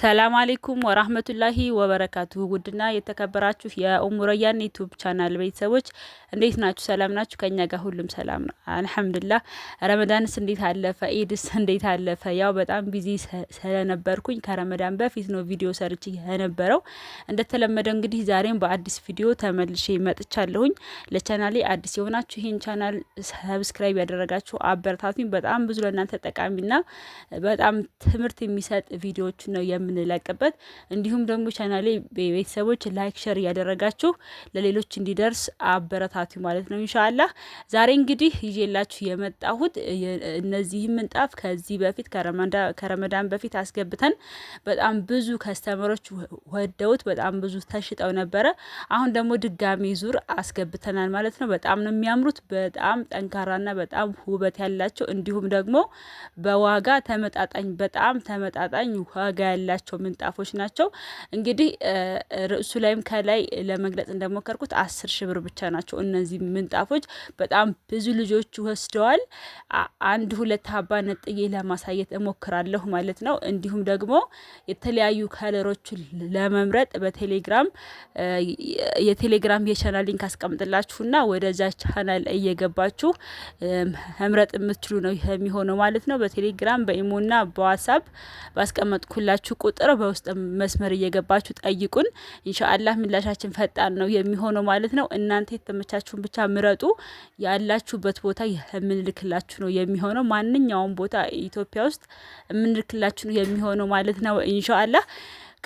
ሰላም አሌይኩም ወራህመቱላሂ ወበረካቱ። ውድና የተከበራችሁ የኡሙረያን ዩቱብ ቻናል ቤተሰቦች እንዴት ናችሁ? ሰላም ናችሁ? ከኛ ጋር ሁሉም ሰላም ነው አልሐምዱሊላህ። ረመዳንስ እንዴት አለፈ? ኢድስ እንዴት አለፈ? ያው በጣም ቢዚ ስለነበርኩኝ ከረመዳን በፊት ነው ቪዲዮ ሰርች የነበረው። እንደተለመደው እንግዲህ ዛሬም በአዲስ ቪዲዮ ተመልሼ መጥቻለሁኝ። ለቻናሌ አዲስ የሆናችሁ ይህን ቻናል ሰብስክራይብ ያደረጋችሁ አበረታቱኝ። በጣም ብዙ ለእናንተ ጠቃሚና በጣም ትምህርት የሚሰጥ ቪዲዮዎች ነው የምንለቅበት እንዲሁም ደግሞ ቻናሌ ቤተሰቦች ላይክ፣ ሸር እያደረጋችሁ ለሌሎች እንዲደርስ አበረታቱ ማለት ነው። ኢንሻአላህ ዛሬ እንግዲህ ይዤላችሁ የመጣሁት እነዚህ ምንጣፍ ከዚህ በፊት ከረመዳን በፊት አስገብተን በጣም ብዙ ከስተመሮች ወደውት በጣም ብዙ ተሽጠው ነበረ። አሁን ደግሞ ድጋሚ ዙር አስገብተናል ማለት ነው። በጣም ነው የሚያምሩት። በጣም ጠንካራና በጣም ውበት ያላቸው እንዲሁም ደግሞ በዋጋ ተመጣጣኝ በጣም ተመጣጣኝ ዋጋ ያላቸው ያላቸው ምንጣፎች ናቸው። እንግዲህ ርዕሱ ላይም ከላይ ለመግለጽ እንደሞከርኩት አስር ሺ ብር ብቻ ናቸው። እነዚህ ምንጣፎች በጣም ብዙ ልጆች ወስደዋል። አንድ ሁለት ሀባ ነጥዬ ለማሳየት እሞክራለሁ ማለት ነው። እንዲሁም ደግሞ የተለያዩ ከለሮችን ለመምረጥ በቴሌግራም የቴሌግራም የቻናል ሊንክ አስቀምጥላችሁና ወደዛ ቻናል እየገባችሁ መምረጥ የምትችሉ ነው የሚሆነው ማለት ነው። በቴሌግራም በኢሞና በዋትሳፕ ባስቀመጥኩላችሁ ቁጥር በውስጥ መስመር እየገባችሁ ጠይቁን። ኢንሻአላህ ምላሻችን ፈጣን ነው የሚሆነው ማለት ነው። እናንተ የተመቻችሁን ብቻ ምረጡ። ያላችሁበት ቦታ የምንልክላችሁ ነው የሚሆነው። ማንኛውም ቦታ ኢትዮጵያ ውስጥ የምንልክላችሁ ነው የሚሆነው ማለት ነው ኢንሻአላህ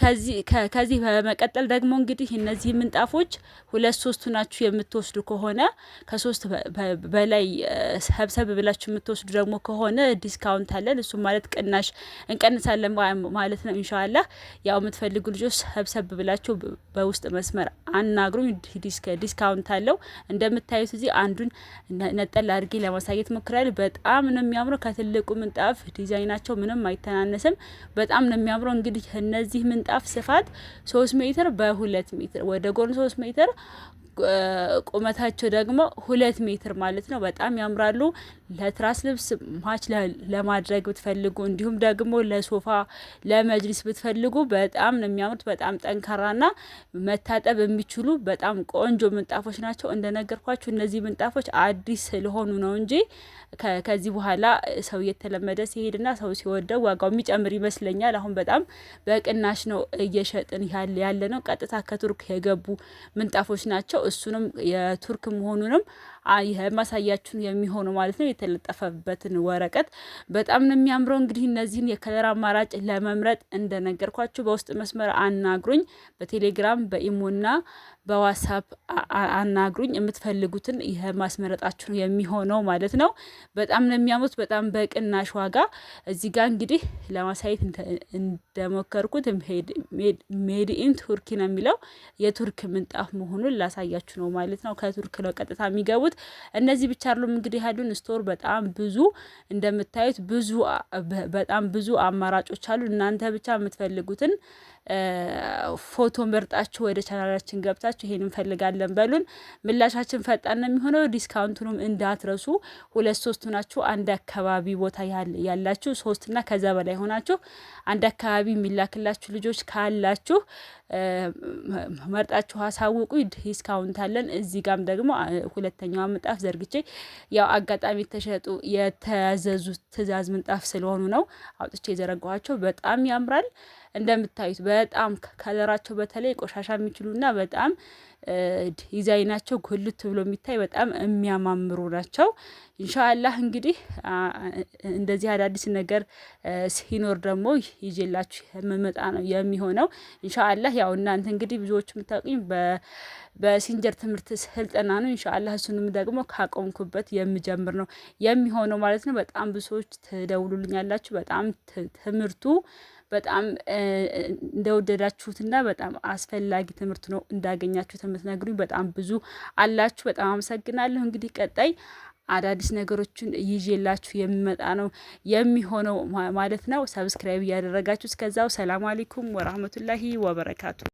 ከዚህ በመቀጠል ደግሞ እንግዲህ እነዚህ ምንጣፎች ሁለት ሶስቱ ናችሁ የምትወስዱ ከሆነ ከሶስት በላይ ሰብሰብ ብላችሁ የምትወስዱ ደግሞ ከሆነ ዲስካውንት አለን። እሱ ማለት ቅናሽ እንቀንሳለን ማለት ነው። እንሻላ ያው የምትፈልጉ ልጆች ሰብሰብ ብላችሁ በውስጥ መስመር አናግሩኝ። ዲስካውንት አለው። እንደምታዩት እዚህ አንዱን ነጠል አድርጌ ለማሳየት ሞክራል። በጣም ነው የሚያምረው። ከትልቁ ምንጣፍ ዲዛይናቸው ምንም አይተናነስም። በጣም ነው የሚያምረው። እንግዲህ እነዚህ ምን ምንጣፍ ስፋት 3 ሜትር በ2 ሜትር ወደ ጎን 3 ሜትር ቁመታቸው ደግሞ ሁለት ሜትር ማለት ነው። በጣም ያምራሉ። ለትራስ ልብስ ማች ለማድረግ ብትፈልጉ እንዲሁም ደግሞ ለሶፋ ለመጅሊስ ብትፈልጉ በጣም ነው የሚያምሩት። በጣም ጠንካራና መታጠብ የሚችሉ በጣም ቆንጆ ምንጣፎች ናቸው። እንደነገርኳችሁ እነዚህ ምንጣፎች አዲስ ስለሆኑ ነው እንጂ ከዚህ በኋላ ሰው እየተለመደ ሲሄድና ሰው ሲወደው ዋጋው የሚጨምር ይመስለኛል። አሁን በጣም በቅናሽ ነው እየሸጥን ያለ ነው። ቀጥታ ከቱርክ የገቡ ምንጣፎች ናቸው። እሱንም የቱርክ መሆኑንም ማሳያችሁን የሚሆኑ ማለት ነው። የተለጠፈበትን ወረቀት በጣም ነው የሚያምረው። እንግዲህ እነዚህን የከለር አማራጭ ለመምረጥ እንደነገርኳችሁ በውስጥ መስመር አናግሩኝ፣ በቴሌግራም በኢሞና በዋትሳፕ አናግሩኝ። የምትፈልጉትን ይህ ማስመረጣችሁ የሚሆነው ማለት ነው። በጣም ነው የሚያምሩት፣ በጣም በቅናሽ ዋጋ። እዚህ ጋር እንግዲህ ለማሳየት እንደሞከርኩት ሜድ ኢን ቱርኪ ነው የሚለው የቱርክ ምንጣፍ መሆኑን ላሳያ እያሳያችሁ ነው ማለት ነው። ከቱርክ ነው ቀጥታ የሚገቡት። እነዚህ ብቻ አይደሉም እንግዲህ ያሉን ስቶር በጣም ብዙ እንደምታዩት ብዙ በጣም ብዙ አማራጮች አሉ። እናንተ ብቻ የምትፈልጉትን ፎቶ መርጣችሁ ወደ ቻናላችን ገብታችሁ ይሄን እንፈልጋለን በሉን። ምላሻችን ፈጣን ነው የሚሆነው። ዲስካውንቱንም እንዳትረሱ። ሁለት ሶስት ሆናችሁ አንድ አካባቢ ቦታ ያላችሁ ሶስትና ከዛ በላይ ሆናችሁ አንድ አካባቢ የሚላክላችሁ ልጆች ካላችሁ መርጣችሁ አሳውቁ። ዲስካውንት አለን። እዚህ ጋም ደግሞ ሁለተኛዋ ምንጣፍ ዘርግቼ ያው አጋጣሚ የተሸጡ የተያዘዙ ትእዛዝ ምንጣፍ ስለሆኑ ነው አውጥቼ የዘረጓቸው። በጣም ያምራል። እንደምታዩት በጣም ከለራቸው በተለይ ቆሻሻ የሚችሉና በጣም ዲዛይናቸው ጎልት ብሎ የሚታይ በጣም የሚያማምሩ ናቸው። ኢንሻአላህ እንግዲህ እንደዚህ አዳዲስ ነገር ሲኖር ደግሞ ይዤላችሁ የምመጣ ነው የሚሆነው። ኢንሻአላህ ያው እናንተ እንግዲህ ብዙዎች የምታውቁኝ በሲንጀር ትምህርት ስልጠና ነው። ኢንሻአላህ እሱንም ደግሞ ካቆምኩበት የምጀምር ነው የሚሆነው ማለት ነው። በጣም ብዙ ሰዎች ትደውሉልኛላችሁ። በጣም ትምህርቱ በጣም እንደወደዳችሁትና በጣም አስፈላጊ ትምህርት ነው እንዳገኛችሁ የምትነግሩኝ በጣም ብዙ አላችሁ። በጣም አመሰግናለሁ። እንግዲህ ቀጣይ አዳዲስ ነገሮችን ይዤላችሁ የሚመጣ ነው የሚሆነው ማለት ነው። ሰብስክራይብ እያደረጋችሁ እስከዛው ሰላም አሌይኩም ወራህመቱላሂ ወበረካቱ።